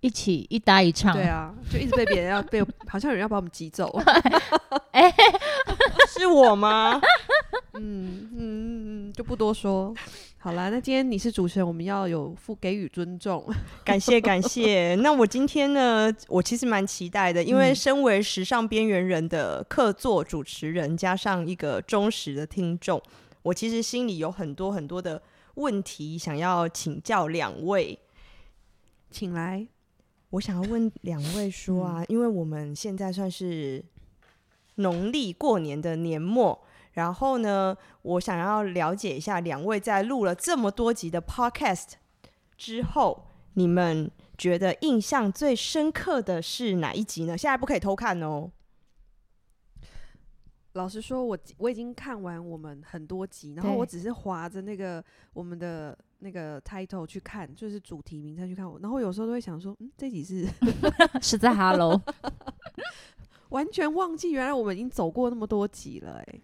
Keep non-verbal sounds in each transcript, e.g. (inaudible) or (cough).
一起一搭一唱。對啊，就一直被別人要被， (laughs) 好像有人要把我們擠走。 (laughs) (laughs) 是我嗎？ (laughs) 嗯嗯，就不多說。好啦，那今天你是主持人，我們要有付給予尊重， (laughs) 感謝感謝。那我今天呢，我其實蠻期待的，因為身為時尚邊緣人的客座主持人，加上一個忠實的聽眾，我其實心裡有很多很多的問題想要請教兩位，請來。我想要問兩位說啊，嗯，因為我們現在算是農曆過年的年末，然後呢，我想要了解一下兩位在錄了這麼多集的 Podcast 之後，你們覺得印象最深刻的是哪一集呢？現在不可以偷看哦。老實說我，我我已經看完我們很多集，然後我只是滑着那個我們的。那個 title 去看，就是主題名稱去看我。我然後有時候都會想說，嗯，這幾次 (laughs) 是在 Hello， (laughs) 完全忘記原來我們已經走過那麼多集了，欸。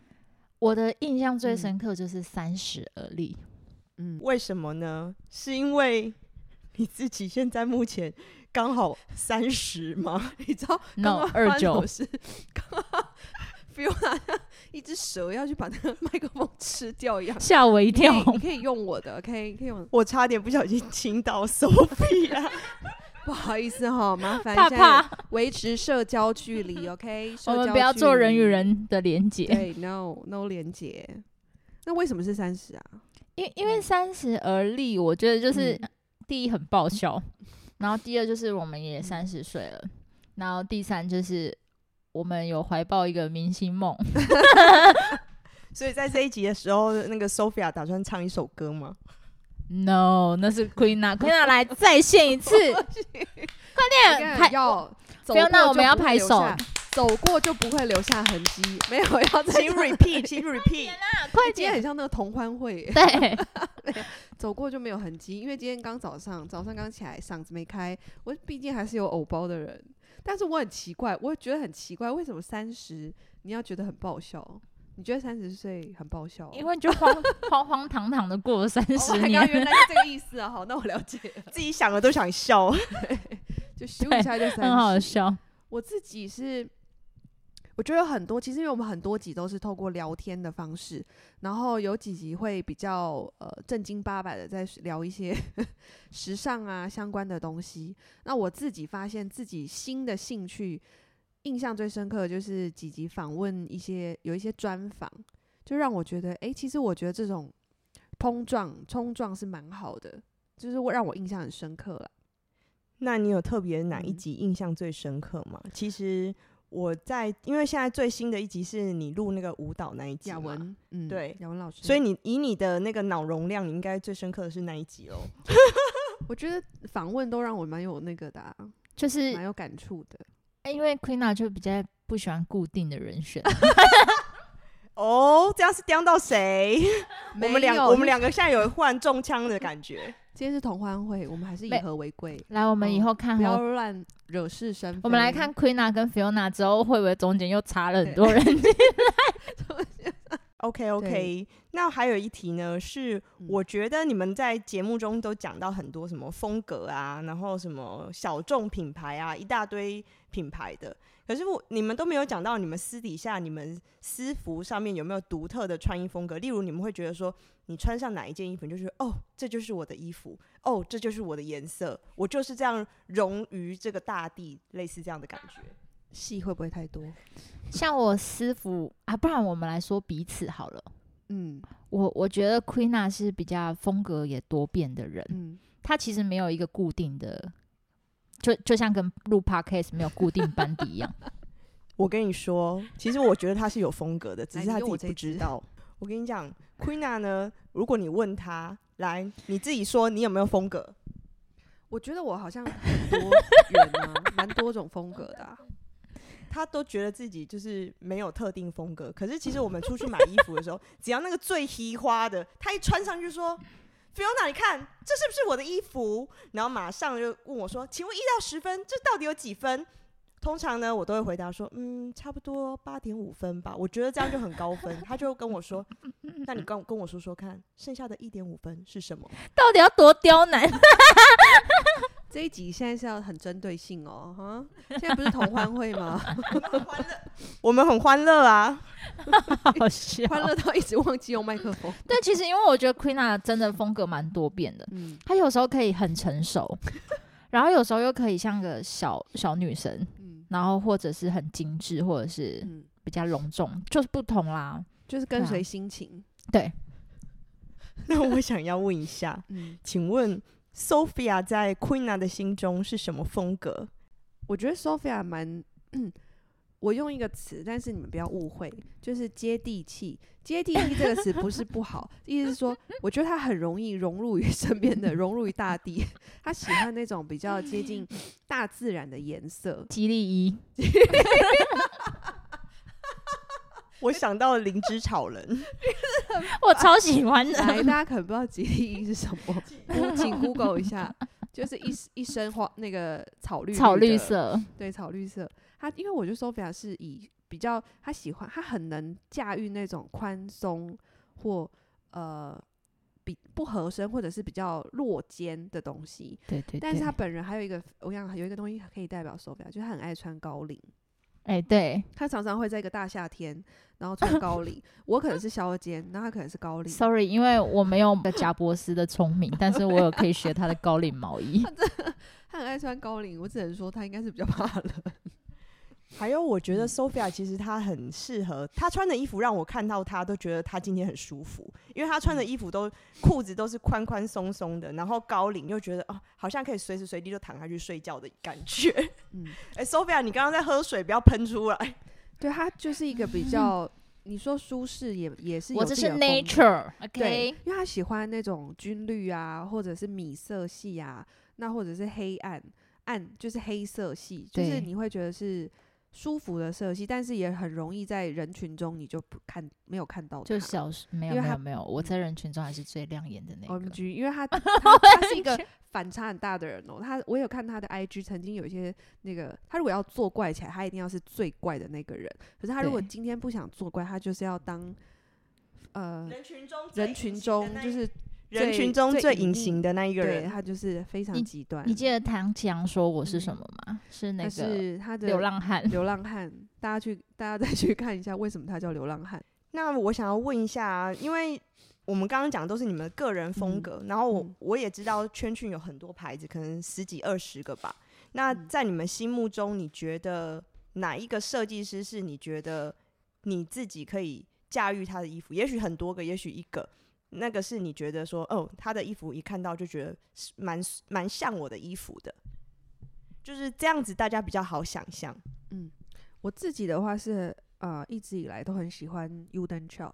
我的印象最深刻就是三十而立。嗯，嗯，為什麼呢？是因為你自己現在目前剛好三十嗎？ (laughs) (laughs) 你知道，no, 剛好二九是。不用啊！一隻蛇要去把那個麥克風吃掉一樣，嚇我一跳你。你可以用我的，可、okay? 以可以用。我差點不小心親到手臂啊！ (laughs) (laughs) 不好意思哈、哦，麻煩一下。怕怕，維持社交距離，OK？距，我們不要做人與人的連結。對，No No 連結。那為什麼是三十啊？因因為三十而立，我覺得就是第一很爆笑，嗯、然後第二就是我們也三十歲了，嗯、然後第三就是。我們有懷抱一個明星夢，所以在這一集的時候，那個 Sophia 打算唱一首歌嗎？No，那是 Queena Queena 來再現一次，快點拍，Fiona，我們要拍手，走過就不會留下痕跡，沒有要請 repeat，請 repeat，快點，今天很像那個同歡會，對，走過就沒有痕跡，因為今天剛早上，早上剛起來，嗓子沒開，我畢竟還是有偶包的人。但是我很奇怪，我也覺得很奇怪，為什麼三十你要覺得很爆笑？你覺得三十歲很爆笑？因為你就慌 (laughs) 慌荒唐的過了三十年。Oh my God, 原來是這個意思啊！好，那我了解了。 (laughs) 自己想的都想笑， (laughs) 就咻一下就很好笑。我自己是。我覺得很多，其實因為我們很多集都是透過聊天的方式，然後有幾集會比較呃正經八百的在聊一些呵呵時尚啊相關的東西。那我自己發現自己新的興趣，印象最深刻就是幾集訪問一些，有一些專訪，就讓我覺得哎，其實我覺得這種碰撞衝撞是蠻好的，就是我讓我印象很深刻了。那你有特別哪一集印象最深刻嗎？嗯，其實。我在，因為現在最新的一集是你錄那個舞蹈那一集，亞文，嗯，對，亞文老師，所以你以你的那個腦容量，你應該最深刻的是那一集哦。 (laughs) 我覺得訪問都讓我蠻有那個的、啊，就是蠻有感觸的。哎、欸，因為 Queena、er、就比較不喜歡固定的人選。 (laughs) 哦，oh, 這樣是刁到誰？我們兩 (laughs) 我們兩個現在有忽然中槍的感覺。今天是同歡會，我們還是以和為貴。來，我們以後看、嗯、不要亂惹事生。我們來看 Queena 跟 Fiona 之後會不會中間又插了很多人進來？OK OK，對那還有一題呢，是我覺得你們在節目中都講到很多什麼風格啊，然後什麼小眾品牌啊，一大堆品牌的。可是我你們都沒有講到，你們私底下，你們私服上面有沒有獨特的穿衣風格？例如你們會覺得說，你穿上哪一件衣服，就是哦，這就是我的衣服，哦，這就是我的顏色，我就是這樣融於這個大地，類似這樣的感覺。戲會不會太多？像我私服啊，不然我們來說彼此好了。嗯，我我覺得 Queena 是比較風格也多變的人。嗯，他其實沒有一個固定的。就就像跟錄 podcast 沒有固定班底一樣， (laughs) 我跟你說，其實我覺得他是有風格的，只是他自己不知道。我，我跟你講 (laughs) ，Queena 呢，如果你問他，來，你自己說，你有沒有風格？ (laughs) 我覺得我好像很多元啊，蠻 (laughs) 多種風格的，啊。 (laughs) 他都覺得自己就是沒有特定風格，可是其實我們出去買衣服的時候， (laughs) 只要那個最嘻花的，他一穿上就說。不用，那你看這是不是我的衣服？然後馬上就問我說：“請問一到十分，這到底有幾分？”通常呢，我都會回答說：“嗯，差不多八點五分吧。”我覺得這樣就很高分。他就跟我說：“ (laughs) 那你跟跟我說說看，剩下的一點五分是什麼？到底要多刁難？” (laughs) (laughs) 這一集現在是要很針對性哦，哈！現在不是同歡會嗎？我們很歡樂啊！好笑。歡樂到一直忘記用麥克風。但其實，因為我覺得 Queena 真的風格蠻多變的，她有時候可以很成熟，然後有時候又可以像個小小女神，然後或者是很精致，或者是比較隆重，就是不同啦，就是跟隨心情。對。那我想要問一下，嗯，請問？Sophia 在 Queena 的心中是什麼風格？我覺得 Sophia 蠻……我用一個詞，但是你們不要誤會，就是接地氣。接地氣這個詞不是不好， (laughs) 意思是說，我覺得他很容易融入於身邊的，融入於大地。他喜歡那種比較接近大自然的顏色，吉利衣。 (laughs) (laughs) (laughs) 我想到了靈芝草人， (laughs) 我超喜歡的。大家可能不知道吉利是什麼，我請 Google 一下， (laughs) 就是一一身花，那個草綠，綠草綠色，對草綠色。他因為我覺得 Sophia 是以比較他喜歡，他很能駕馭那種寬鬆或呃比不合身或者是比較落肩的東西。對，對對。但是他本人還有一個，我想有一個東西可以代表 Sophia，就是他很愛穿高領。哎、欸，對，他常常會在一個大夏天，然後穿高領。啊、我可能是削肩，那、啊、他可能是高領。Sorry，因為我沒有賈伯斯的聰明， (laughs) 但是我有可以學他的高領毛衣 (laughs) 他。他很愛穿高領，我只能說他應該是比較怕冷。還有，我覺得 Sophia 其實她很適合，她穿的衣服讓我看到她都覺得她今天很舒服，因為她穿的衣服都褲子都是寬寬鬆松的，然後高領又覺得哦，好像可以隨時隨地就躺下去睡覺的感覺。嗯，哎，欸，Sophia 你剛剛在喝水，不要噴出來。對，她就是一個比較，嗯，你說舒適也也是的的，我這是 nature，OK，okay? 因為她喜歡那種軍綠啊，或者是米色系啊，那或者是黑暗暗就是黑色系，就是你會覺得是。舒服的色系，但是也很容易在人群中，你就不看，沒有看到他。就小沒有因為他，沒有沒有，我在人群中還是最亮眼的那個。OMG，因為他，他他，他是一個反差很大的人哦、喔。他我有看他的 IG，曾經有一些那個，他如果要作怪起來，他一定要是最怪的那個人。可是他如果今天不想作怪，他就是要當呃人群中人群中就是。人群中最隱形的那一個人，對對他就是非常極端你，你記得唐強說我是什麼嗎？嗯、是那個，是他的流浪漢。流浪漢，大家去，大家再去看一下為什麼他叫流浪漢。那我想要問一下，因為我們剛剛講都是你們個人風格，嗯、然後我我也知道圈圈有很多牌子，可能十幾二十個吧。嗯、那在你們心目中，你覺得哪一個設計師是你覺得你自己可以駕馭他的衣服？也許很多個，也許一個。那個是你覺得說哦，他的衣服一看到就覺得是蠻蠻像我的衣服的，就是這樣子，大家比較好想象。嗯，我自己的話是啊、呃，一直以來都很喜歡 Udon Chao，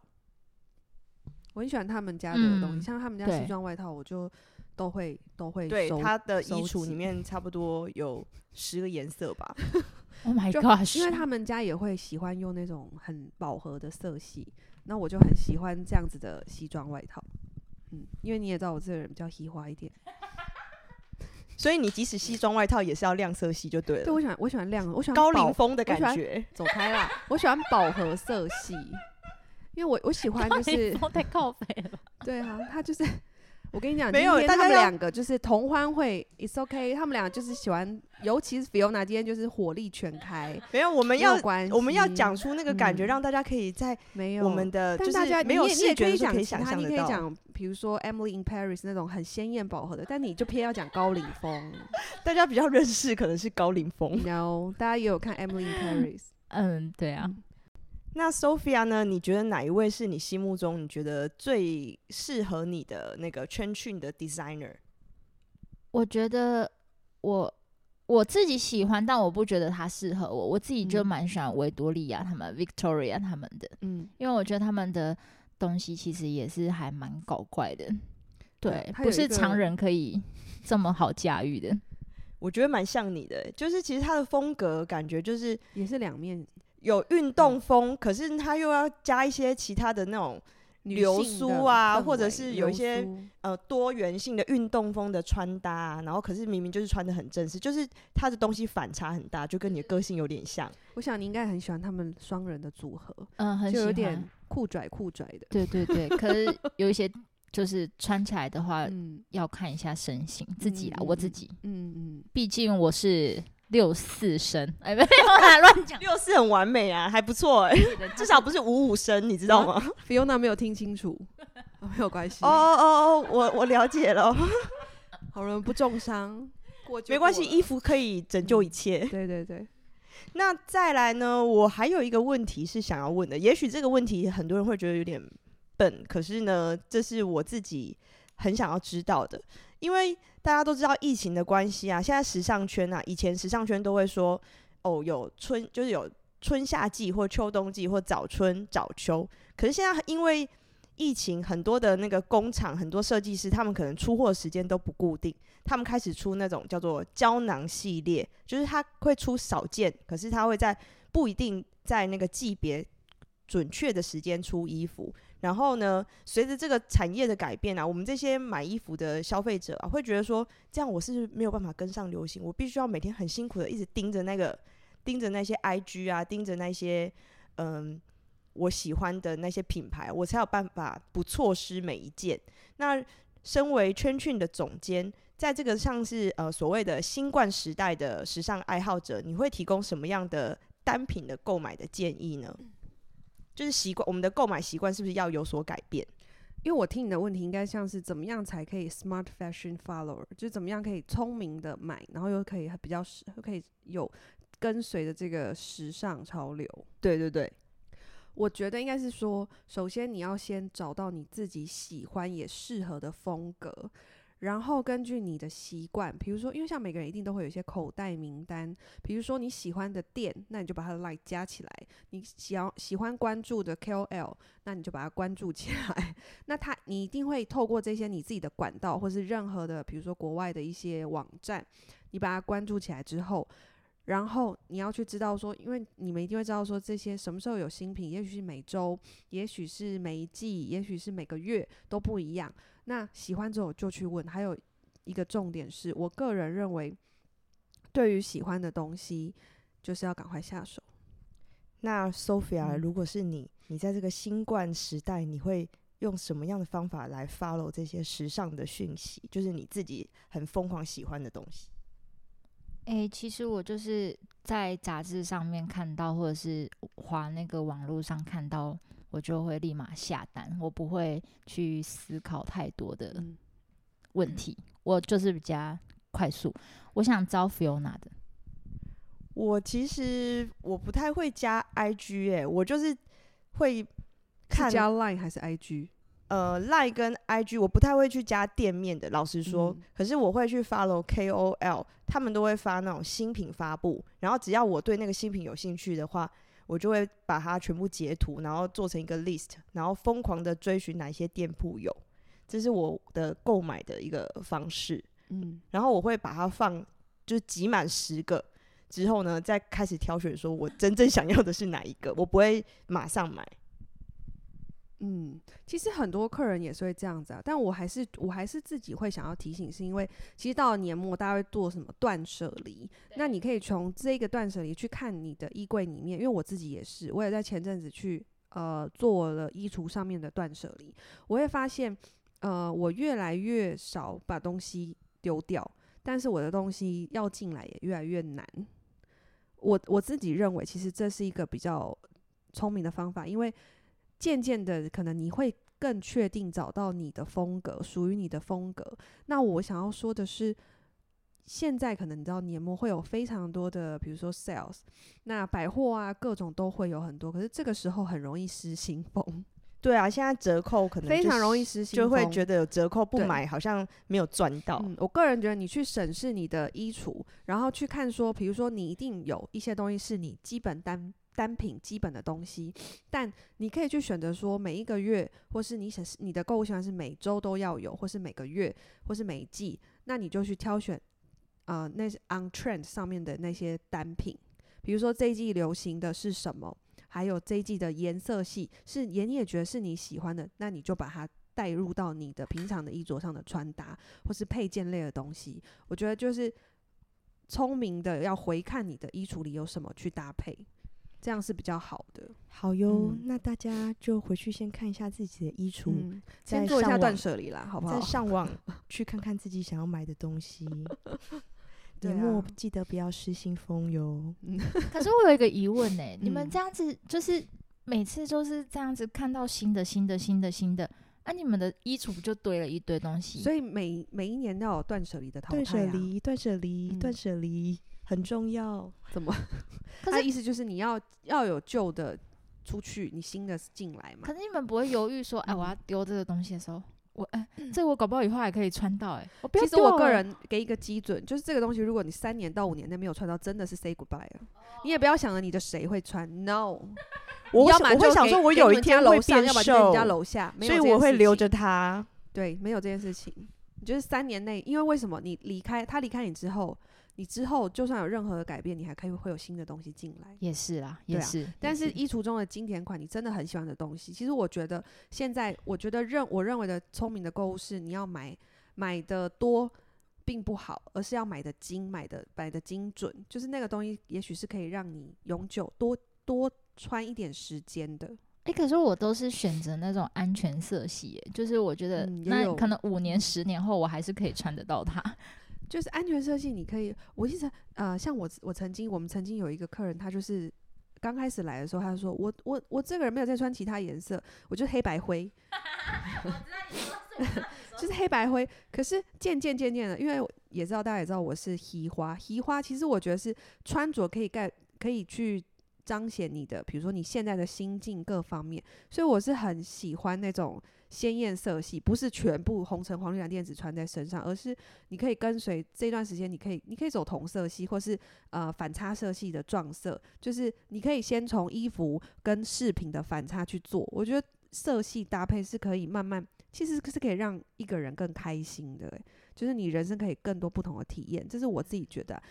我很喜歡他們家的東西，嗯、像他們家西裝外套，我就都會對都會。對，他的衣櫥裡面差不多有十個顏色吧。 (laughs) oh、my 就因為他們家也會喜歡用那種很飽和的色系。那我就很喜歡這樣子的西裝外套，嗯，因為你也知道我這個人比較西化一點，所以你即使西裝外套也是要亮色系就對了。 (laughs) 對，我喜歡我喜歡亮，我喜歡高領風的感覺，走開啦，我喜歡飽和色系，因為我我喜歡就是 (laughs) (laughs) 對啊，他就是。我跟你講，今天他們兩個就是同歡會，It's OK。他們兩個就是喜歡，尤其是 Fiona，今天就是火力全開。沒有，我們要管我們要講出那個感覺，讓大家可以在沒有我們的，就大家沒有你也可以講他，你可以講，比如說 Emily in Paris 那種很鮮豔飽和的，但你就偏要講高領風，大家比較認識可能是高領風。No，大家也有看 Emily in Paris。嗯，對啊。那 Sophia 呢？你覺得哪一位是你心目中你覺得最適合你的那個 CHENCHUN 的 Designer？我覺得我我自己喜歡，但我不覺得他適合我。我自己就蠻喜歡維多利亞他們、嗯、Victoria 他們的，嗯，因為我覺得他們的東西其實也是還蠻搞怪的，對，啊、不是常人可以這麼好駕馭的。我覺得蠻像你的、欸，就是其實他的風格感覺就是也是兩面。有運動風，嗯、可是他又要加一些其他的那種流蘇啊，或者是有一些呃多元性的運動風的穿搭，啊，然後可是明明就是穿得很正式，就是他的東西反差很大，就跟你的個性有點像。就是，我想你應該很喜歡他們雙人的組合，嗯，很喜歡就有點酷拽酷拽的，對對對。可是有一些就是穿起來的話， (laughs) 要看一下身形自己啊，嗯、我自己，嗯嗯，畢竟我是。六四身哎，沒有要亂講。 (laughs) 六四很完美啊，還不錯哎、欸， (laughs) 至少不是五五身，你知道嗎、嗯？Fiona 沒有聽清楚，沒有關係。哦哦哦，我我了解 (laughs) 了。好人不重傷， (laughs) 過過沒關係，衣服可以拯救一切。嗯、對對對。那再來呢？我還有一個問題是想要問的，也許這個問題很多人會覺得有點笨，可是呢，這是我自己很想要知道的。因為大家都知道疫情的關係啊，現在時尚圈啊，以前時尚圈都會說，哦，有春就是有春夏季或秋冬季或早春早秋，可是現在因為疫情，很多的那個工廠，很多設計師他們可能出貨時間都不固定，他們開始出那種叫做膠囊系列，就是他會出少件，可是他會在不一定在那個季別準確的時間出衣服。然後呢，隨着這個產業的改變啊，我們這些買衣服的消費者啊，會覺得說，這樣我是，是沒有辦法跟上流行，我必須要每天很辛苦的一直盯着那個，盯着那些 IG 啊，盯着那些，嗯，我喜歡的那些品牌，我才有辦法不錯失每一件。那身為 CHENCHUN 的總監，在這個像是呃所謂的新冠時代的時尚愛好者，你會提供什麼樣的單品的購買的建議呢？嗯就是習慣，我們的購買習慣是不是要有所改變？因為我聽你的問題，應該像是怎麼樣才可以 smart fashion follower，就是怎麼樣可以聰明的買，然後又可以比較，又可以有跟隨着這個時尚潮流。對對對，我覺得應該是說，首先你要先找到你自己喜歡也適合的風格。然後根據你的習慣，比如說，因為像每個人一定都會有一些口袋名單，比如說你喜歡的店，那你就把它的 like 加起來；你喜歡喜歡關注的 KOL，那你就把它關注起來。那它，你一定會透過這些你自己的管道，或是任何的，比如說國外的一些網站，你把它關注起來之後，然後你要去知道說，因為你們一定會知道說這些什麼時候有新品，也許是每周，也許是每一季，也許是每個月都不一樣。那喜歡之後就去問，還有一個重點是我個人認為，對於喜歡的東西，就是要趕快下手。那 Sophia，、嗯、如果是你，你在這個新冠時代，你會用什麼樣的方法來 follow 這些時尚的訊息？就是你自己很瘋狂喜歡的東西。誒、欸，其實我就是在雜誌上面看到，或者是滑那個網絡上看到。我就會立馬下單，我不會去思考太多的問題，嗯、我就是比較快速。我想招 Fiona 的，我其實我不太會加 I G 哎、欸，我就是會看是加 Line 還是 I G？呃，Line 跟 I G 我不太會去加店面的，老實說。嗯、可是我會去 follow K O L，他們都會發那種新品發布，然後只要我對那個新品有興趣的話。我就會把它全部截圖，然後做成一個 list，然後瘋狂的追尋哪些店鋪有，這是我的購買的一個方式。嗯，然後我會把它放，就是集滿十個之後呢，再開始挑選，說我真正想要的是哪一個，我不會馬上買。嗯，其實很多客人也是會這樣子啊，但我還是，我還是自己會想要提醒，是因為其實到了年末，大家會做什麼斷捨離？對那你可以從這個斷捨離去看你的衣櫃裡面，因為我自己也是，我也在前陣子去呃做了衣櫥上面的斷捨離，我會發現，呃，我越來越少把東西丟掉，但是我的東西要進來也越來越難。我我自己認為，其實這是一個比較聰明的方法，因為。漸漸的，可能你會更確定找到你的風格，屬於你的風格。那我想要說的是，現在可能你知道年末會有非常多的，比如說 sales，那百貨啊，各種都會有很多。可是這個時候很容易失心瘋。對啊，現在折扣可能非常容易失心瘋，就會覺得有折扣不買對好像沒有賺到。嗯，我個人覺得，你去審視你的衣櫥，然後去看說，比如說你一定有一些東西是你基本單。單品基本的東西，但你可以去選擇說，每一個月，或是你選你的購物習慣是每周都要有，或是每個月，或是每季，那你就去挑選，啊、呃，那 on trend 上面的那些單品，比如說這一季流行的是什麼，還有這一季的顏色系是，也你也覺得是你喜歡的，那你就把它帶入到你的平常的衣着上的穿搭，或是配件類的東西，我覺得就是聰明的要回看你的衣櫥裡有什麼去搭配。這樣是比較好的，好喲唷。嗯、那大家就回去先看一下自己的衣櫥，嗯、再先做一下斷捨離啦，好不好？再上網 (laughs) 去看看自己想要買的東西， (laughs) 對啊。記得不要失心瘋喲。可是我有一個疑問呢、欸， (laughs) 你們這樣子就是每次都是這樣子看到新的、新，新的、新的、新的，那你們的衣櫥不就堆了一堆東西。所以每每一年都有斷捨離的淘汰、啊、斷捨離，斷捨離，斷捨離。嗯很重要，怎麼？他的意思就是你要要有舊的出去，你新的進來嘛。可是你們不會猶豫說，哎，我要丟這個東西的時候，我哎，這我搞不好以後還可以穿到哎。其實我個人給一個基準，就是這個東西，如果你三年到五年內沒有穿到，真的是 say goodbye。你也不要想着你的誰會穿，no。我要我會想說，我有一天會變瘦，要不然就在你家樓下，所以我會留着它。對，沒有這件事情。就是三年內，因為為什麼你離開他離開你之後？你之後就算有任何的改變，你還可以會有新的東西進來，也是啦，啊、也是。但是衣櫥中的經典款，你真的很喜歡的東西，是其實我覺得現在我覺得認我認為的聰明的購物是，你要買買的多並不好，而是要買的精，買的買的精準，就是那個東西也許是可以讓你永久多多穿一點時間的。誒、欸，可是我都是選擇那種安全色系、欸，就是我覺得那可能五年、十年後我還是可以穿得到它。就是安全色系，你可以，我一直，呃，像我，我曾經，我們曾經有一個客人，他就是剛開始來的時候，他就說，我，我，我這個人沒有在穿其他顏色，我就黑白灰，我知道你說什麼，就是黑白灰。可是漸漸漸漸的，因為也知道大家也知道我是黑花，黑花，其實我覺得是穿着可以蓋，可以去彰顯你的，比如說你現在的心境各方面，所以我是很喜歡那種。鮮豔色系不是全部紅橙黃綠藍靛紫穿在身上，而是你可以跟隨這段時間，你可以你可以走同色系，或是呃反差色系的撞色，就是你可以先從衣服跟飾品的反差去做。我覺得色系搭配是可以慢慢，其實是可以讓一個人更開心的、欸，就是你人生可以更多不同的體驗。這是我自己覺得，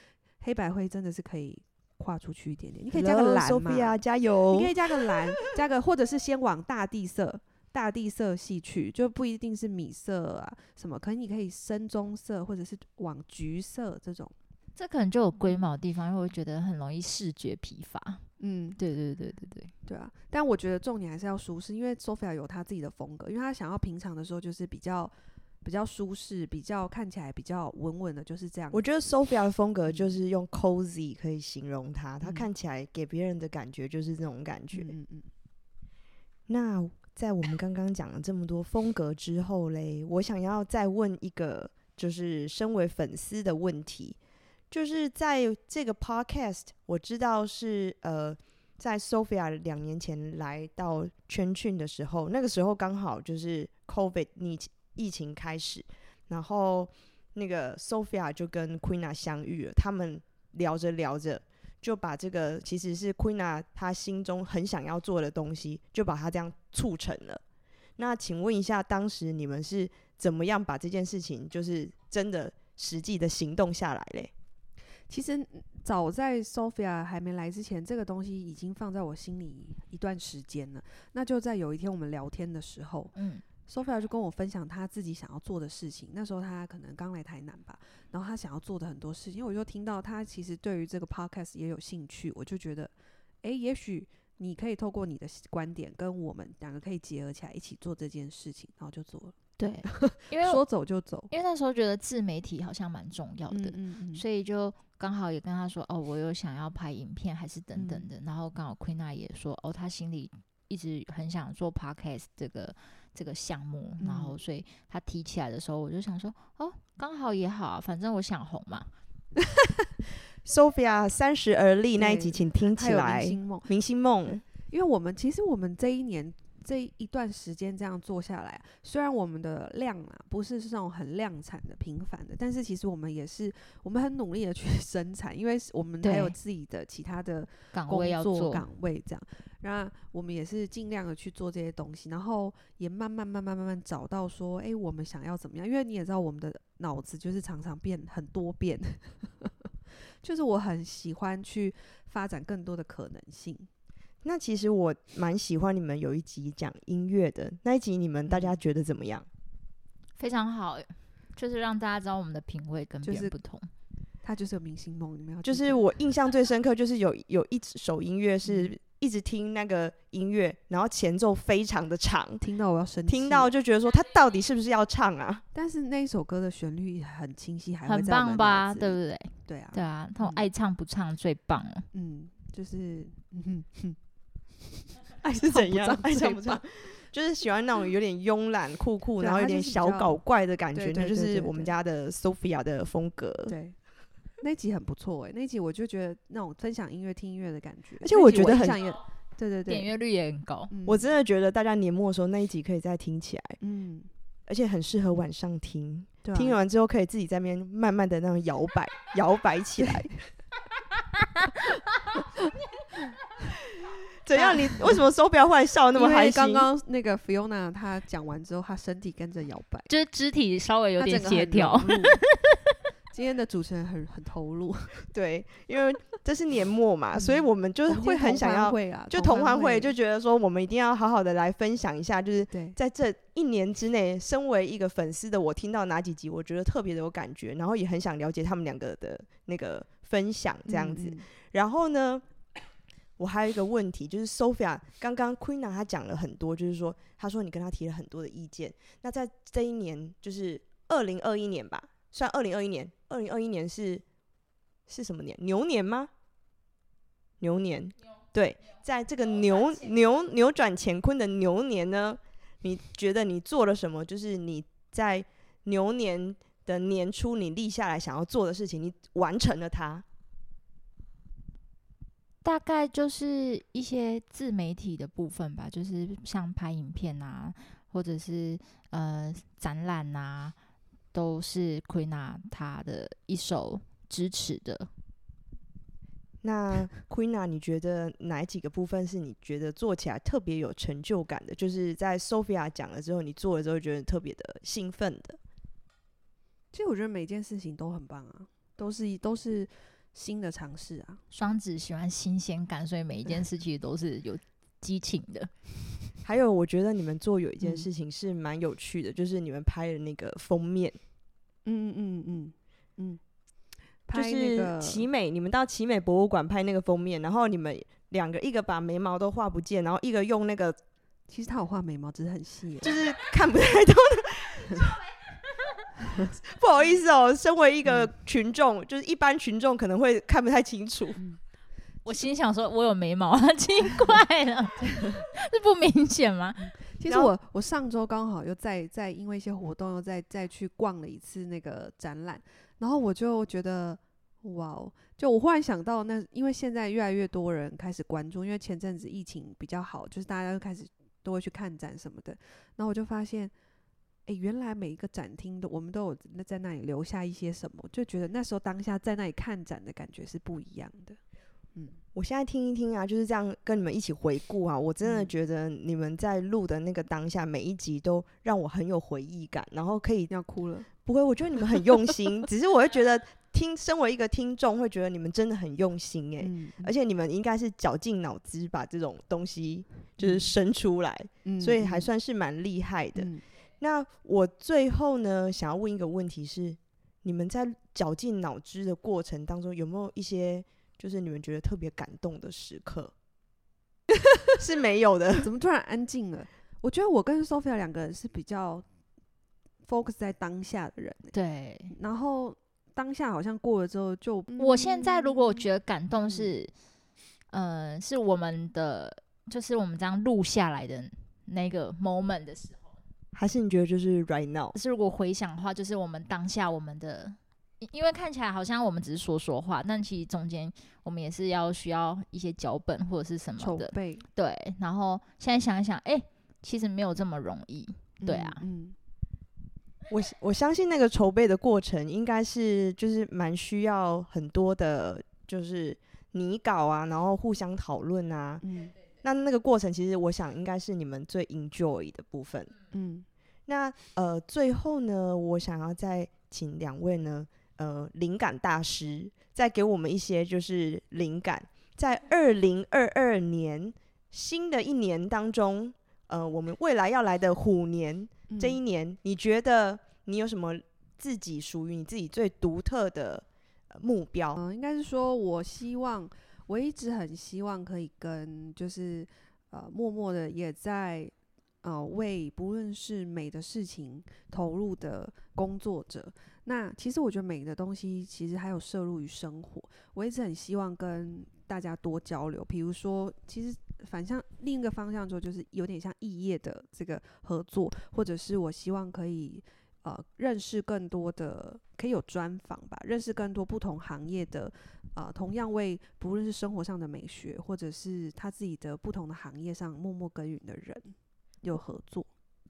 黑白灰真的是可以跨出去一點點。你可以加個藍嘛，加油！你可以加個藍，加個或者是先往大地色。大地色系去就不一定是米色啊，什麼可以，你可以深棕色或者是往橘色這種，這可能就有龜毛的地方，嗯、因為我覺得很容易視覺疲乏。嗯，對對對對對對啊！但我覺得重點還是要舒適，因為 Sophia 有她自己的風格，因為她想要平常的時候就是比較比較舒適，比較看起來比較穩穩的，就是這樣。我覺得 Sophia 的風格就是用 cozy 可以形容她，嗯、她看起來給別人的感覺就是這種感覺。嗯，嗯嗯，那。在我們剛剛講了這麼多風格之後嘞，我想要再問一個，就是身為粉絲的問題，就是在這個 podcast，我知道是呃，在 Sophia 兩年前來到真君的時候，那個時候剛好就是 COVID，疫疫情開始，然後那個 Sophia 就跟 Queena 相遇了，他們聊着聊着。就把這個其實是 Queena 他心中很想要做的東西，就把它這樣促成了。那請問一下，當時你們是怎麼樣把這件事情，就是真的實際的行動下來嘞？其實早在 Sophia 還沒來之前，這個東西已經放在我心裡一段時間了。那就在有一天我們聊天的時候，嗯。Sophia 就跟我分享他自己想要做的事情。那時候他可能剛來台南吧，然後他想要做的很多事情，因為我就聽到他其實對於這個 podcast 也有興趣，我就覺得，哎、欸，也許你可以透過你的觀點跟我們兩個可以結合起來一起做這件事情，然後就做了。對， (laughs) 因為說走就走，因為那時候覺得自媒體好像蠻重要的，嗯嗯嗯，所以就剛好也跟他說，哦，我有想要拍影片還是等等的。嗯、然後剛好 Queena 也說，哦，她心裡。一直很想做 podcast 這個這個項目，嗯、然後所以他提起來的時候，我就想說哦，剛好也好、啊、反正我想紅嘛。 (laughs) Sophia 三十而立對那一集，請聽起來。明星夢，明星夢，因為我們其實我們這一年。這一段時間這樣做下來、啊，雖然我們的量啊不是是那種很量產的、平凡的，但是其實我們也是，我們很努力的去生產，因為我們還有自己的其他的工作崗位崗位要做、崗位這樣。那我們也是盡量的去做這些東西，然後也慢慢、慢慢、慢慢找到說，哎、欸，我們想要怎麼樣？因為你也知道，我們的腦子就是常常變很多變，就是我很喜歡去發展更多的可能性。那其實我蠻喜歡你們有一集講音樂的，那一集你們大家覺得怎麼樣？非常好，就是讓大家知道我們的品味跟別人不同、就是。他就是有明星夢，有沒有？就是我印象最深刻，就是有有一首音樂是一直聽那個音樂，然後前奏非常的長，聽到我要生氣，聽到就覺得說他到底是不是要唱啊？但是那一首歌的旋律很清晰，還很棒吧？對不對？對啊，對啊，他、啊嗯、愛唱不唱最棒了。嗯，就是。 (laughs) 愛是怎樣？愛不樣？就是喜歡那種有點慵懶、酷酷，然後有點小搞怪的感覺。那就是我們家的 Sophia 的風格。對，那集很不錯哎，那集我就覺得那種分享音樂、聽音樂的感覺，而且我覺得很對對對，點閱率也很高。我真的覺得大家年末的時候那一集可以再聽起來，嗯，而且很適合晚上聽。聽完之後可以自己在那邊慢慢的那種搖擺、搖擺起來。怎樣？你為什麼說要換笑那麼開心？因為剛剛那個 Fiona 她講完之後，她身體跟着搖擺，就是肢體稍微有點協調。 (laughs) 今天的主持人很很投入，對，因為這是年末嘛，嗯、所以我們就會很想要，會啊，就同歡會，就覺得說我們一定要好好的來分享一下，就是對，在這一年之內，身為一個粉絲的我，聽到哪幾集我覺得特別的有感覺，然後也很想了解他們兩個的那個分享這樣子，嗯嗯然後呢？我還有一個問題，就是 Sophia 剛剛 Queena 她講了很多，就是說，她說你跟她提了很多的意見。那在這一年，就是二零二一年吧，算二零二一年，二零二一年是是什麼年？牛年嗎？牛年。牛，對，在這個牛牛扭轉乾坤的牛年呢，你覺得你做了什麼？就是你在牛年的年初，你立下來想要做的事情，你完成了它？大概就是一些自媒體的部分吧，就是像拍影片啊，或者是呃展覽啊，都是 Queena 他的一手支持的。那 Queena, 你覺得哪幾個部分是你覺得做起來特別有成就感的？就是在 Sophia 講了之後，你做了之後，覺得特別的興奮的。其實我覺得每件事情都很棒啊，都是都是。.新的嘗試啊！雙子喜歡新鮮感，所以每一件事情都是有激情的。對 (laughs) 還有，我覺得你們做有一件事情是蠻有趣的，嗯、就是你們拍的那個封面。嗯嗯嗯嗯嗯，嗯嗯嗯就是奇美，那個、你們到奇美博物館拍那個封面，然後你們兩個，一個把眉毛都畫不見，然後一個用那個，其實他有畫眉毛，只是很細，就是看不太懂。 (laughs) (laughs) (laughs) (laughs) 不好意思哦，身為一個群眾，嗯、就是一般群眾可能會看不太清楚。我心想說，我有眉毛啊， (laughs) 奇怪了，這 (laughs) 不明顯嗎？然後，其實我我上周剛好又再再因為一些活動又再再去逛了一次那個展覽，然後我就覺得哇哦，就我忽然想到那，那因為現在越來越多人開始關注，因為前陣子疫情比較好，就是大家都開始都會去看展什麼的，然後我就發現。誒、欸，原來每一個展廳的，我們都有在那裡留下一些什麼，就覺得那時候當下在那裡看展的感覺是不一樣的。嗯，我現在聽一聽啊，就是這樣跟你們一起回顧啊，我真的覺得你們在錄的那個當下，嗯、每一集都讓我很有回憶感，然後可以一定要哭了。不會，我覺得你們很用心， (laughs) 只是我會覺得聽，身為一個聽眾，會覺得你們真的很用心誒、欸，嗯、而且你們應該是絞盡腦汁把這種東西就是生出來，嗯、所以還算是蠻厲害的。嗯嗯那我最後呢，想要問一個問題是：你們在絞盡腦汁的過程當中，有沒有一些就是你們覺得特別感動的時刻？ (laughs) 是沒有的。 (laughs) 怎麼突然安靜了？我覺得我跟 Sophia 兩個人是比較 focus 在當下的人、欸。對。然後當下好像過了之後就，就我現在如果我覺得感動是，呃、嗯嗯，是我們的就是我們這樣錄下來的那個 moment 的時候。還是你覺得就是 right now？是如果回想的話，就是我們當下我們的，因為看起來好像我們只是說說話，但其實中間我們也是要需要一些腳本或者是什麼的籌備。貝對，然後現在想一想，哎，其實沒有這麼容易。嗯、對啊，嗯，我我相信那個籌備的過程應該是就是蠻需要很多的，就是擬稿啊，然後互相討論啊，嗯。那那個過程，其實我想應該是你們最 enjoy 的部分。嗯，那呃，最後呢，我想要再請兩位呢，呃，靈感大師再給我們一些就是靈感，在二零二二年新的一年當中，呃，我們未來要來的虎年這一年，嗯，你覺得你有什麼自己屬於你自己最獨特的目標？嗯，應該是說我希望。我一直很希望可以跟，就是，呃，默默的也在，呃，為不論是美的事情投入的工作者。那其實我覺得美的東西其實還有攝入於生活。我一直很希望跟大家多交流，比如說，其實反向另一個方向說，就是有點像異業的這個合作，或者是我希望可以。呃，認識更多的可以有專訪吧，認識更多不同行業的，啊、呃，同樣為不論是生活上的美學，或者是他自己的不同的行業上默默耕耘的人，有合作。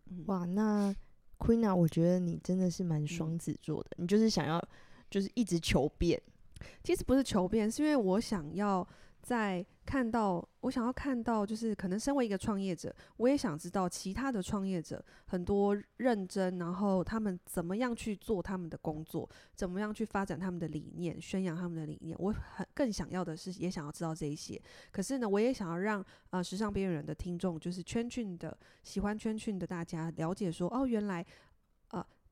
嗯、哇，那 Queena，我覺得你真的是蠻雙子座的，嗯、你就是想要就是一直求變，其實不是求變，是因為我想要。在看到，我想要看到，就是可能身為一個創業者，我也想知道其他的創業者很多認真，然後他們怎麼樣去做他們的工作，怎麼樣去發展他們的理念，宣揚他們的理念。我很更想要的是，也想要知道這一些。可是呢，我也想要讓啊、呃、時尚邊緣人的聽眾，就是圈圈的喜歡圈圈的大家了解說，哦，原來。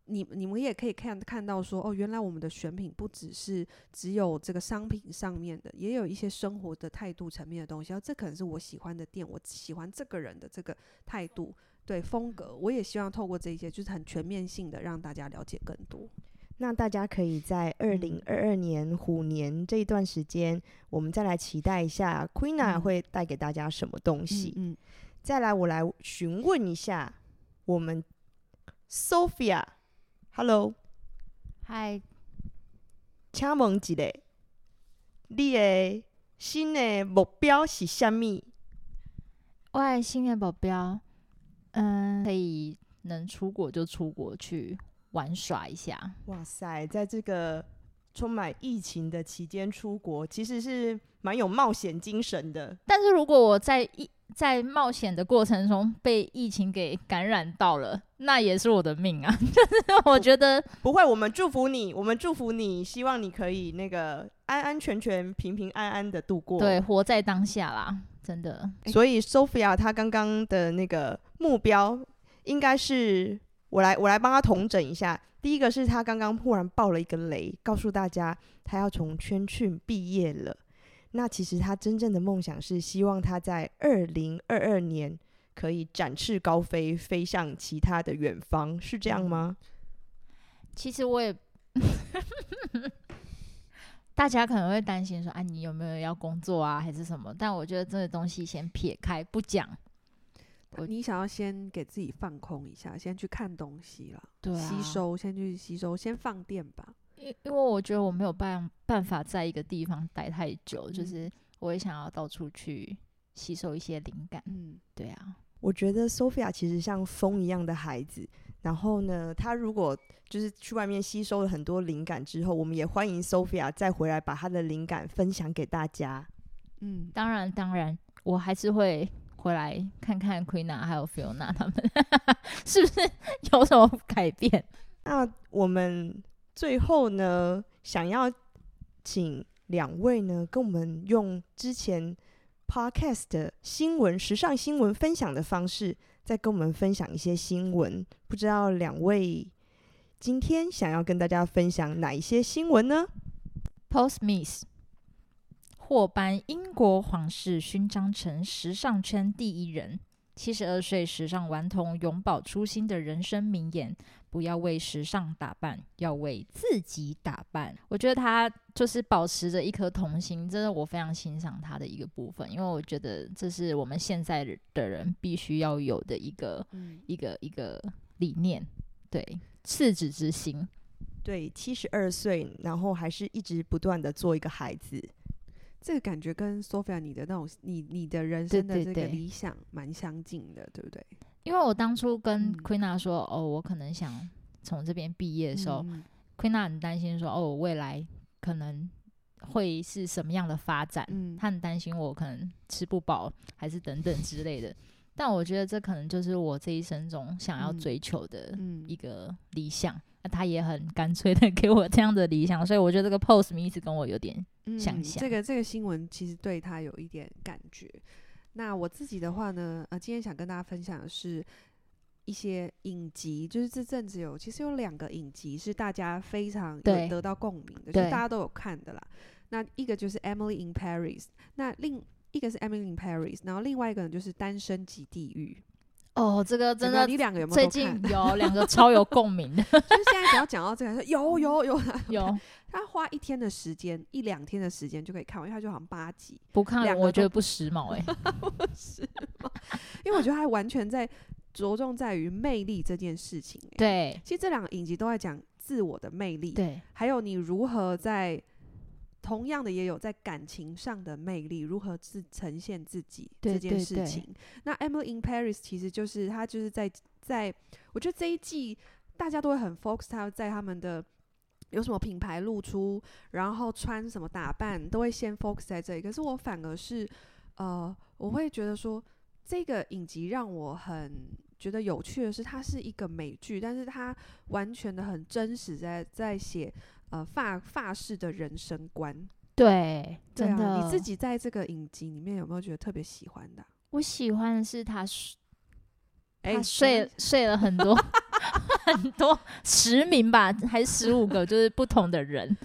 你你們也可以看看到說，哦，原來我們的選品不只是只有這個商品上面的，也有一些生活的態度層面的東西。哦，這可能是我喜歡的店，我喜歡這個人的這個態度、對風格，我也希望透過這些，就是很全面性的讓大家了解更多。那大家可以在二零二二年虎年這一段時間，嗯、我們再來期待一下 Queena 會帶給大家什麼東西。嗯，嗯，再來我來詢問一下我們 Sophia。Hello，h i 請問一下，你的新的目標是什麼？我餵，新的目標，嗯，可以能出國就出國去玩耍一下。哇塞，在這個充滿疫情的期間出國，其實是。蠻有冒險精神的，但是如果我在一，在冒險的過程中被疫情給感染到了，那也是我的命啊！但 (laughs) 是我覺得不，不會，我們祝福你，我們祝福你，希望你可以那個安安全全、平平安安的度過。對，活在當下啦，真的。所以 Sophia 她剛剛的那個目標應，應該是我來我來幫她統整一下。第一個是她剛剛忽然爆了一個雷，告訴大家她要從圈去畢業了。那其實他真正的夢想是希望他在二零二二年可以展翅高飛，飛向其他的遠方，是這樣嗎？嗯，其實我也呵呵，大家可能會擔心說，啊，你有沒有要工作啊，還是什麼？但我覺得這個東西先撇開不講，啊，你想要先給自己放空一下，先去看東西了，對，啊，吸收，先去吸收，先放電吧。因為我覺得我沒有辦辦法在一個地方待太久，嗯、就是我也想要到處去吸收一些靈感。嗯，對啊，我覺得 Sophia 其實像風一樣的孩子。然後呢，他如果就是去外面吸收了很多靈感之後，我們也歡迎 Sophia 再回來把他的靈感分享給大家。嗯，當然當然，我還是會回來看看 Queena 還有 Fiona 他們 (laughs) 是不是有什麼改變？那我們。最後呢，想要請兩位呢，跟我們用之前 podcast 新聞、時尚新聞分享的方式，再跟我們分享一些新聞。不知道兩位今天想要跟大家分享哪一些新聞呢？Post Miss 獲頒英國皇室勳章，成時尚圈第一人，七十二歲時尚頑童永葆初心的人生名言。不要為時尚打扮，要為自己打扮。我覺得他就是保持着一顆童心，真的，我非常欣賞他的一個部分，因為我覺得這是我們現在的人必須要有的一個、嗯、一個一個理念。對，赤子之心。對，七十二歲，然後還是一直不斷的做一個孩子，這個感覺跟 Sophia 你的那種你你的人生的這個理想蠻相近的，對，對，對，對不對？因為我當初跟 Queena、ah、說、嗯、哦，我可能想從這邊畢業的時候，Queena、嗯 ah、很擔心說哦，我未來可能會是什麼樣的發展？嗯、他很擔心我可能吃不飽，還是等等之類的。嗯、但我覺得這可能就是我這一生中想要追求的一個理想。那、嗯嗯啊、他也很乾脆的給我這樣的理想，所以我覺得這個 post 名一直跟我有點想象、嗯、這個這個新聞其實對他有一點感覺。那我自己的話呢，呃，今天想跟大家分享的是一些影集，就是這陣子有其實有兩個影集是大家非常有得到共鳴的，對，就是大家都有看的啦。對那一個就是《Emily in Paris》，那另一個是《Emily in Paris》，然後另外一個呢就是《單身即地獄》。哦，這個真的有有，你兩個有沒有看最近有兩個超有共鳴？ (laughs) (laughs) 就是現在只要講到這個，有有有有。有有 (laughs) 他花一天的時間，一兩天的時間就可以看完，因為他就好像八集。不看，不我覺得不時髦哎、欸。 (laughs) 不時髦， (laughs) 因為我覺得他完全在着重在於魅力這件事情、欸。對，其實這兩個影集都在講自我的魅力，對，還有你如何在同樣的也有在感情上的魅力，如何是呈現自己這件事情。對對對。那《Emily in Paris》其實就是他就是在在，我覺得這一季大家都會很 focus，他在他們的。有什麼品牌露出，然後穿什麼打扮，都會先 focus 在這裡。可是我反而是，呃，我會覺得說，這個影集讓我很覺得有趣的是，它是一個美劇，但是它完全的很真實在，在在寫呃法法式的人生觀。對，對啊、真的。你自己在這個影集裡面有沒有覺得特別喜歡的、啊？我喜歡的是他睡，他睡、欸、睡，睡了很多。 (laughs) (laughs) 很多十名吧，還是十五個，就是不同的人。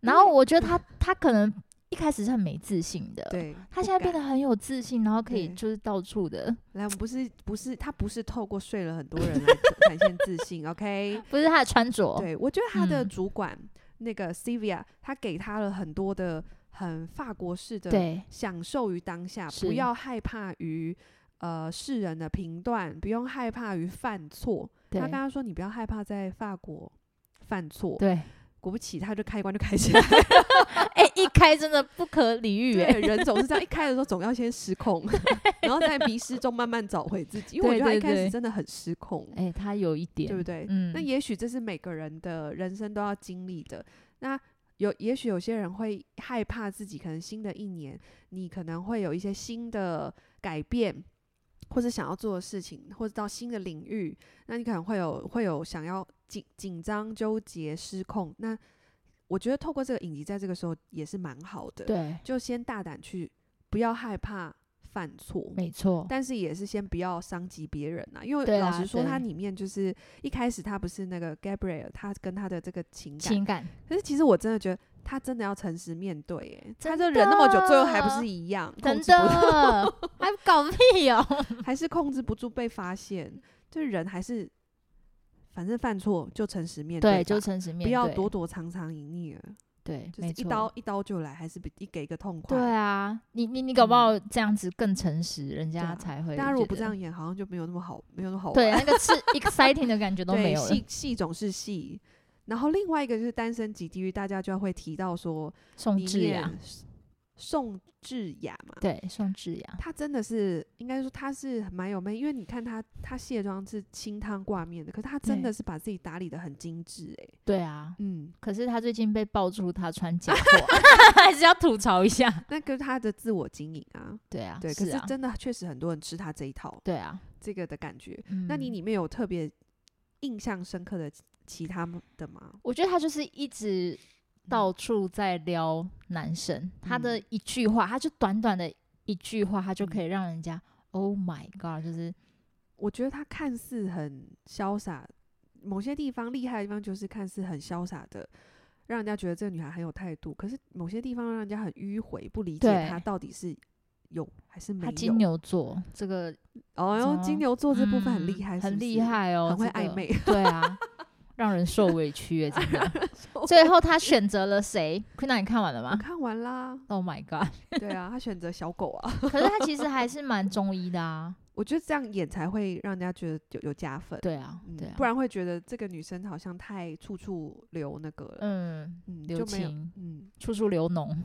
然後我覺得他，他可能一開始是很沒自信的，對。他現在變得很有自信，然後可以就是到處的來。我們不是不是，他不是透過睡了很多人來展現自信 (laughs) ，OK？不是他的穿着，對我覺得他的主管、嗯、那個 Sylvia，他給他了很多的很法國式的享受於當下，不要害怕於。呃，世人的評斷，不用害怕於犯錯。他剛剛說：“你不要害怕在法國犯錯。”對，果不其然，他就開關就開起來。哎，一開真的不可理喻哎！人總是這樣，一開的時候總要先失控，然後在迷失中慢慢找回自己。因為我覺得他一開始真的很失控。哎，他有一點，對不對？嗯。那也許這是每個人的人生都要經歷的。那有，也許有些人會害怕自己，可能新的一年你可能會有一些新的改變。或者想要做的事情，或者到新的領域，那你可能會有會有想要緊緊張、糾結、失控。那我覺得透過這個影集，在這個時候也是蠻好的，對，就先大膽去，不要害怕。犯錯，沒錯錯，但是也是先不要傷及別人、啊、因為老實說，他裡面就是、啊、一開始他不是那個 Gabriel，他跟他的這個情感，情感可是其實我真的覺得，他真的要誠實面對，的他這忍那麼久，最後還不是一樣，真的？不還搞屁喲、喔， (laughs) 還是控制不住被發現。就人還是，反正犯錯就誠實面對，對，就誠實面對，不要躲躲藏藏隱匿。對，就是一刀錯一刀就來，還是比一給一個痛快。對啊，你你你搞不好這樣子更誠實，嗯、人家才會、啊。大家如果不這樣演，好像就沒有那麼好，沒有那麼好玩。對， (laughs) 那個是 exciting 的感覺都沒有。戲戲總是戲，然後另外一個就是單身即地獄，大家就要會提到說宋智雅、啊。你宋智雅嘛，對，宋智雅，她真的是應該說她是蠻有魅力，因為你看她，她卸妝是清湯掛麵的，可是她真的是把自己打理得很精緻、欸，誒。對啊，嗯，可是她最近被爆出她穿假貨、啊， (laughs) (laughs) 還是要吐槽一下，那個她的自我經營啊，對啊，對，可是真的確實很多人吃她這一套，對啊，這個的感覺，嗯、那你裡面有特別印象深刻的其他的嗎？我覺得她就是一直。到處在撩男生，嗯、他的一句話，他就短短的一句話，他就可以讓人家、嗯、，Oh my God！就是我覺得他看似很瀟灑，某些地方厲害的地方就是看似很瀟灑的，讓人家覺得這個女孩很有態度。可是某些地方讓人家很迂回，不理解他到底是有還是沒有。他金牛座這個，哦呦，麼金牛座這部分很厲害，嗯、是不是很厲害哦，很會曖昧、這個，對啊。 (laughs) 讓人受委屈、欸、 (laughs) 啊！這樣，最後他選擇了誰？ (laughs) Queena 你看完了嗎？看完啦。Oh my god！對啊，他選擇小狗啊。 (laughs) 可是他其實還是蠻中醫的啊。 (laughs) 我覺得這樣演才會讓人家覺得有有加分。對啊，對啊、嗯，不然會覺得這個女生好像太處處留那個了。嗯嗯，嗯就沒有留情嗯，處處留膿。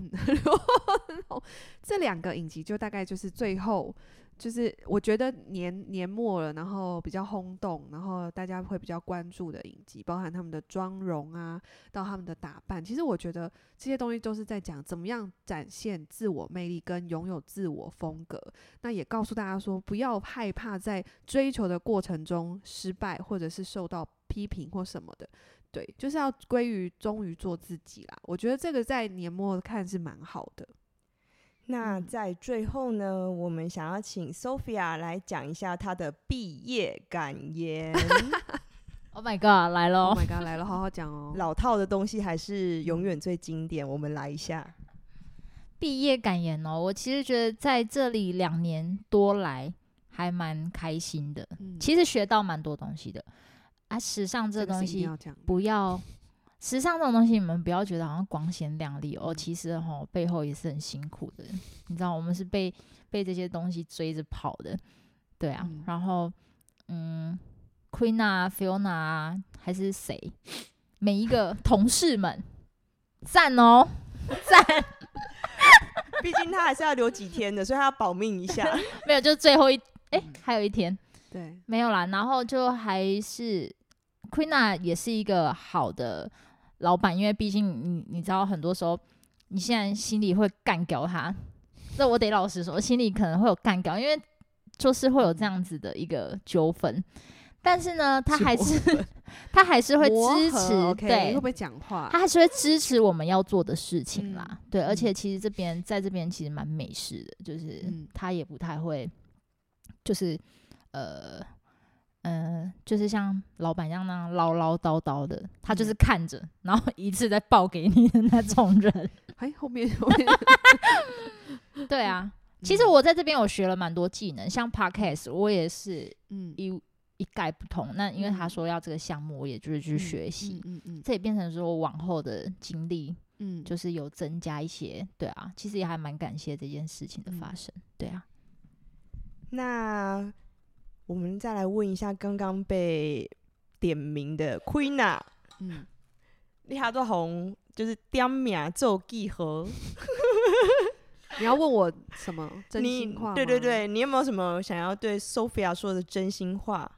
(laughs) 這兩個影集就大概就是最後。就是我覺得年年末了，然後比較轟動，然後大家會比較關注的影集，包含他們的妝容啊，到他們的打扮，其實我覺得這些東西都是在講怎麼樣展現自我魅力跟擁有自我風格。那也告訴大家說，不要害怕在追求的過程中失敗，或者是受到批評或什麼的，對，就是要歸於忠於做自己啦。我覺得這個在年末看是蠻好的。那在最後呢，我們想要請 Sophia 來講一下她的畢業感言。 (laughs) Oh my god，來了 oh my god，來了，好好講哦、喔。老套的東西還是永遠最經典。我們來一下畢業感言哦、喔。我其實覺得在這裡兩年多來還蠻開心的，嗯、其實學到蠻多東西的。啊，時尚這東西這個要不要。時尚這種東西，你們不要覺得好像光鮮亮麗哦，嗯、其實齁背後也是很辛苦的，你知道，我們是被被這些東西追着跑的，對啊，嗯、然後嗯，Queena 啊、Fiona 啊還是誰，每一個同事們贊哦贊，畢竟他還是要留幾天的，所以他要保命一下， (laughs) 沒有，就最後一哎、欸、還有一天對，沒有啦，然後就還是 Queena、啊、也是一個好的，老闆，因為畢竟你你知道，很多時候你現在心裡會幹掉他。那我得老實說，心裡可能會有幹掉，因為就是會有這樣子的一個糾紛。但是呢，他還是糾紛。他還是會支持，okay, 對，會不會講話？他還是會支持我們要做的事情啦，嗯、對。而且其實這邊、嗯、在這邊其實蠻美式的就是，他也不太會，就是呃。嗯、呃，就是像老板一樣那樣嘮嘮叨叨的，他就是看着，然後一直在報給你的那種人。哎、 (laughs) 欸，後面，後面 (laughs) 對啊，嗯、其實我在這邊我學了蠻多技能，嗯、像 Podcast 我也是一、嗯、一,一概不通。嗯、那因為他說要這個項目，我也就是去學習，這也、嗯嗯嗯嗯、變成說我往後的經歷，嗯，就是有增加一些。對啊，其實也還蠻感謝這件事情的發生，嗯、對啊。那。我們再來問一下剛剛被點名的 Queena。嗯，你好，多紅就是點名做集合。 (laughs) 你要問我什麼真心話？對對對，你有沒有什麼想要對 Sophia 說的真心話？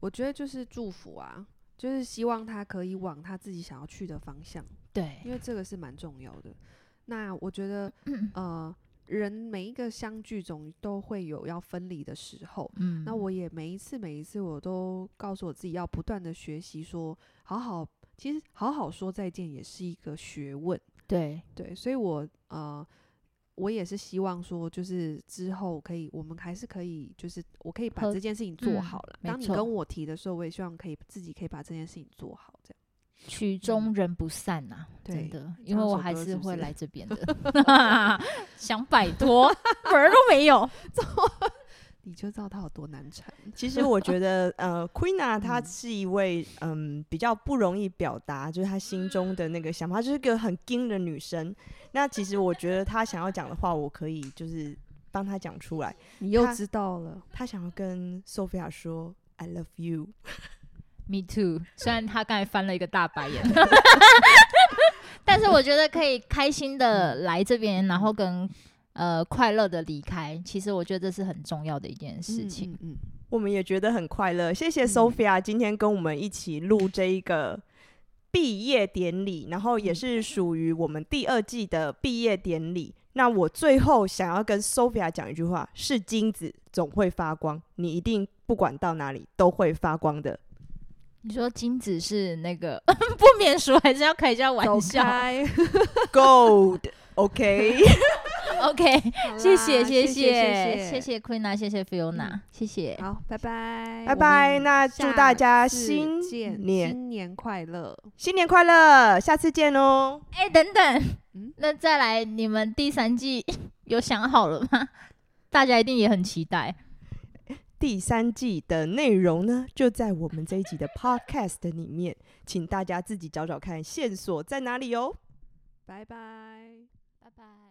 我覺得就是祝福啊，就是希望他可以往他自己想要去的方向。對，因為這個是蠻重要的。那我覺得， (coughs) 呃。人每一個相聚總都會有要分離的時候，嗯，那我也每一次每一次我都告訴我自己要不斷的學習，說好好，其實好好說再見也是一個學問，對對，所以我呃，我也是希望說，就是之後可以，我們還是可以，就是我可以把這件事情做好了。嗯，當你跟我提的時候，我也希望可以自己可以把這件事情做好，這樣。曲終人不散吶，真的，因為我還是會來這邊的，想擺脫門兒都沒有，你就知道他有多難纏。其實我覺得，呃，Queena，她是一位嗯比較不容易表達，就是她心中的那個想法，就是個很驚的女生。那其實我覺得她想要講的話，我可以就是幫她講出來。你又知道了，她想要跟 Sophia 說 “I love you”。Me too，雖然他剛才翻了一個大白眼， (laughs) (laughs) 但是我覺得可以開心的來這邊，然後跟呃快樂的離開。其實我覺得這是很重要的一件事情。嗯，嗯我們也覺得很快樂。謝謝 Sophia 今天跟我們一起錄這一個畢業典禮，嗯、然後也是屬於我們第二季的畢業典禮。嗯、那我最後想要跟 Sophia 講一句話：是金子總會發光，你一定不管到哪裡都會發光的。你說金子，是那個呵呵，不免俗，還是要開一下玩笑？Gold，OK，OK，謝謝謝謝謝謝謝謝 Quina，謝謝 Fiona，謝謝。好，拜拜拜拜，那祝大家新年，新年快樂，下次見哦。欸，等等，嗯，那再來你們第三季有想好了嗎？大家一定也很期待。第三季的內容呢，就在我們這一集的 Podcast 裡面，請大家自己找找看線索在哪裡哦。拜拜，拜拜。